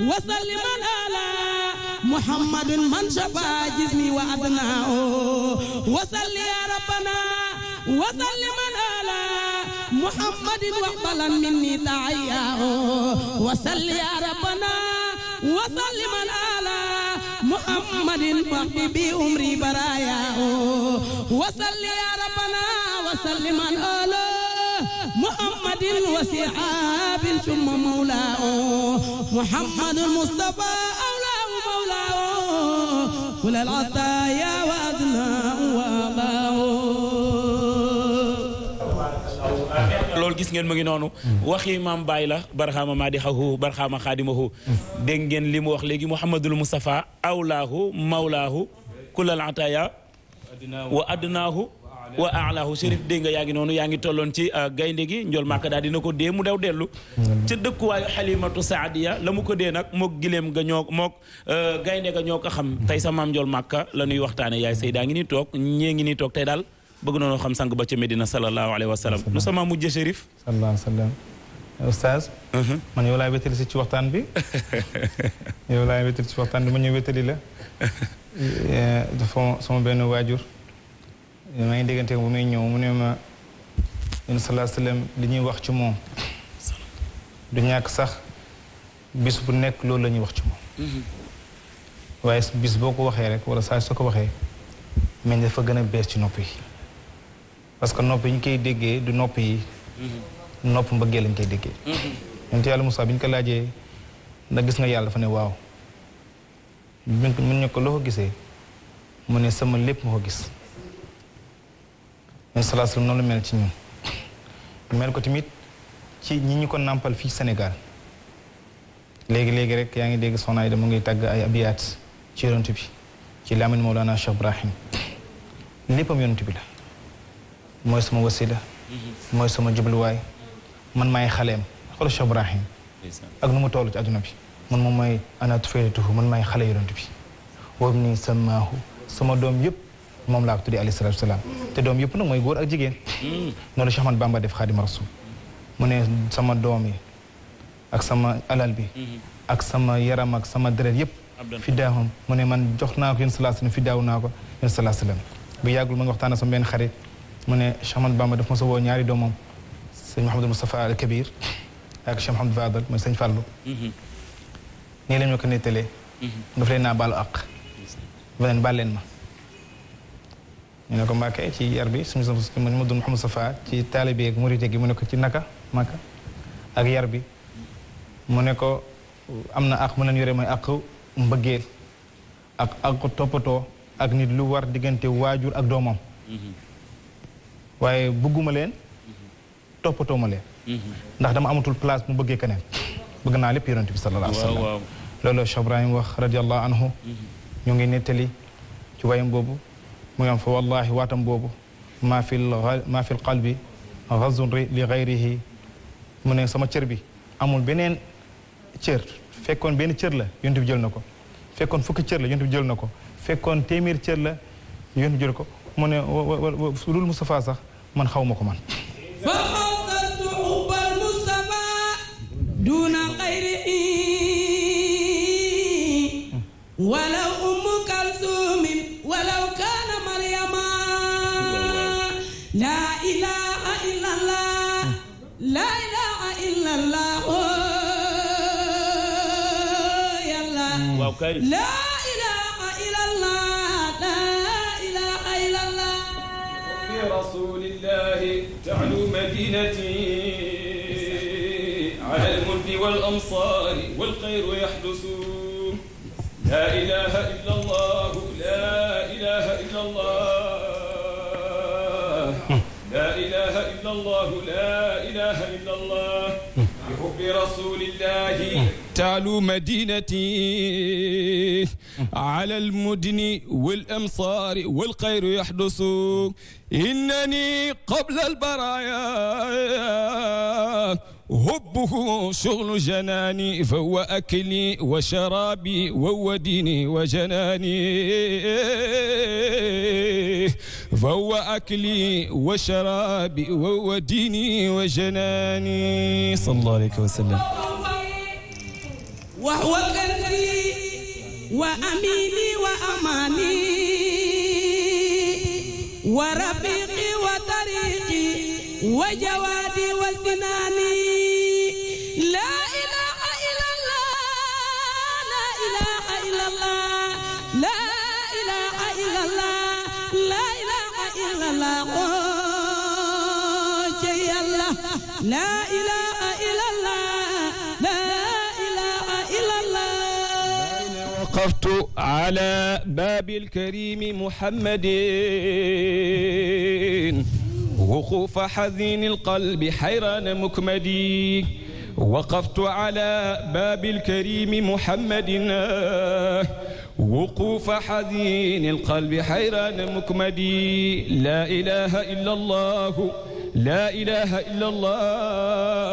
وسلما على محمد من شفى جسمي وأدناه وسل يا ربنا وسلما على محمد وقبلا مني تعياه وسل يا ربنا وسلما على محمد وحبيبي أمري براياه وسل يا ربنا وسلما على محمد الوسيع ثم مولاه محمد المصطفى أولاه مولاه كل العطايا وأدناه loolu gis ngeen mu ngi noonu waxi maam Baye la barxaama maadixahu barxaama xaadimahu dégg ngeen li mu wax léegi Muhammadul Mustafa awlaahu mawlaahu kulal ataaya wa adnaahu wa aalahu sérif dégg nga yaa ngi noonu yaa ngi tolloon ci euh, gaynde gi njol màkk daal dina ko dee mu daw dellu ca dëkkuwaayu xalimatu saadiya la mu ko dee nag mook giléem ga ñoo mook euh, gaynde ga ñoo ko xam mm-hmm. tey sa maam njool màkka la ñuy waxtaane yaay saydaa ngi ni toog ñee ngi ni toog tey daal bëgg noonu xam sang ba ca Medina sallallahu alayhi wa sallam nu sama mujj shérif sallallahu alayhi wa sallam Oustaz. Uh-huh. man ci waxtaan bi yow laay wétali ci waxtaan eh, sama benn waajur maa ngi déggante bu may ñëw mu ne ma yéen salaa salaam li ñuy wax ci moom du ñàkk sax bis bu nekk loolu la ñuy wax ci moom mm-hmm. waaye bis boo ko waxee rek wala saa soo ko waxee mais dafa gën a bees ci nopp yi parce que nopp yi ñu koy déggee du nopp yi mm-hmm. nopp mbëggee lañ koy déggee ñun mm-hmm. yàlla Moussa bi ñu ko laajee ndax gis nga yàlla dafa ne waaw mun ñu loo ko gisee mu ne sama lépp ma ko gis mais salaasalaam noonu la ci ñun ko tamit ci ñi ko nàmpal fii Sénégal léegi léegi rek yaa ngi dégg soxna yi ngi tàgg ay abiyaat ci yonent ci Lamine Mawlana Cheikh bi la mooy sama wasila mhm. sama jubluwaay man maay xaleem xool Cheikh Ibrahim ak nu mu ci àdduna bi man moom mooy ana man maay xale yonent bi wam nii samaahu sama doom yëpp moom laa ko tuddee alayhi salaatu salaam te doom yëpp nag mooy góor ak jigéen noonu Cheikh Ahmad Bamba def Xaadimu Rasuul mu ne sama doom yi ak sama alal bi ak sama yaram ak sama deret yëpp fi daahum mu ne man jox naa ko yéen salaa salaam fi daaw naa ko yéen salaa salaam bu yàggul ma ngi waxtaan sama benn xarit mu ne Cheikh Ahmad Bamba daf ma sa woo ñaari doomam sëñ Mouhamadou Moustapha Al Kabir ak Cheikh Mouhamadou Fadal mooy sëñ Fallou mhm. nii la ñu ko nettalee mhm. daf leen naa baalu àq ba leen baal leen ma ñu ne ko Mbàkke ci yar bi suñu sa ma dund Mouhamadou Safa ci taalibe ak murite mu ne ko ci naka Makka yar bi mu ne ko am na ak mu leen yore mooy ak mbëggeel ak toppatoo ak nit lu war diggante waajur ak doomam mm-hmm. waaye bëgguma leen mm-hmm. toppatoo ma leen mm-hmm. ndax dama amatul place mu bëggee keneen bëgg naa lépp yonent bi sallallahu alayhi wa sallam Ibrahim wax radiallahu anhu ñu ngi nettali ci wayam boobu mu ngi am fa wallahi waatam boobu maa fi maa fi qalbi razun li gayrihi mu ne sama cër bi amul beneen cër fekkoon benn cër la yontu bi na ko fekkoon fukki cër la yontu bi jël na ko fekkoon téeméer cër la yontu bi ko mu ne wa wa Mustafa sax man xaw ma ko man laa ilaaha illallah laa ilaaha illallah oo oh, yàlla waaw kay laa ilaaha illallah laa ilaaha illallah bi rasulillahi ta'lu madinati على الملك والأمصار والخير يحدث لا إله إلا الله إلا الله لا إله إلا الله بحب رسول الله تعلو مدينتي على المدن والأمصار والخير يحدث إنني قبل البرايا هبه شغل جناني فهو أكلي وشرابي وهو ديني وجناني فهو أكلي وشرابي وهو ديني وجناني صلى الله عليه وسلم وهو كنزي وأميني وأماني ورفيقي وطريقي وجوادي وسناني la ilaha illallah la ilaha illallah وقفت على باب الكريم محمد وقوف حزين القلب حيران مكمدي وقفت على باب الكريم محمد وقوف حزين القلب حيران مكمدي لا إله إلا الله laa ilaaha illallaah